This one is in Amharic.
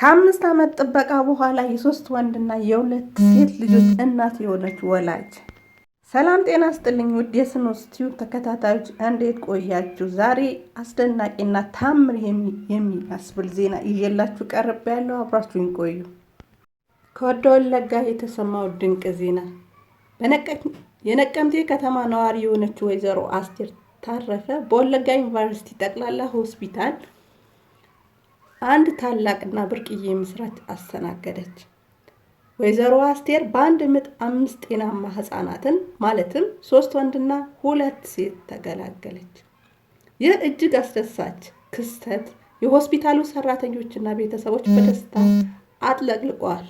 ከአምስት ዓመት ጥበቃ በኋላ የሶስት ወንድና የሁለት ሴት ልጆች እናት የሆነች ወላጅ። ሰላም ጤና ስጥልኝ ውድ የስኖስቲዩ ተከታታዮች እንዴት ቆያችሁ? ዛሬ አስደናቂና ታምር የሚያስብል ዜና ይዤላችሁ ቀርብ ያለው አብራችሁኝ ቆዩ። ከወደ ወለጋ የተሰማው ድንቅ ዜና የነቀምቴ ከተማ ነዋሪ የሆነች ወይዘሮ አስቴር ታረፈ በወለጋ ዩኒቨርሲቲ ጠቅላላ ሆስፒታል አንድ ታላቅና ብርቅዬ ምስራች አስተናገደች። ወይዘሮ አስቴር በአንድ ምጥ አምስት ጤናማ ህፃናትን ማለትም ሶስት ወንድና ሁለት ሴት ተገላገለች። ይህ እጅግ አስደሳች ክስተት የሆስፒታሉ ሰራተኞችና ቤተሰቦች በደስታ አጥለቅልቀዋል።